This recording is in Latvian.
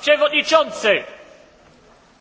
przewodniczący!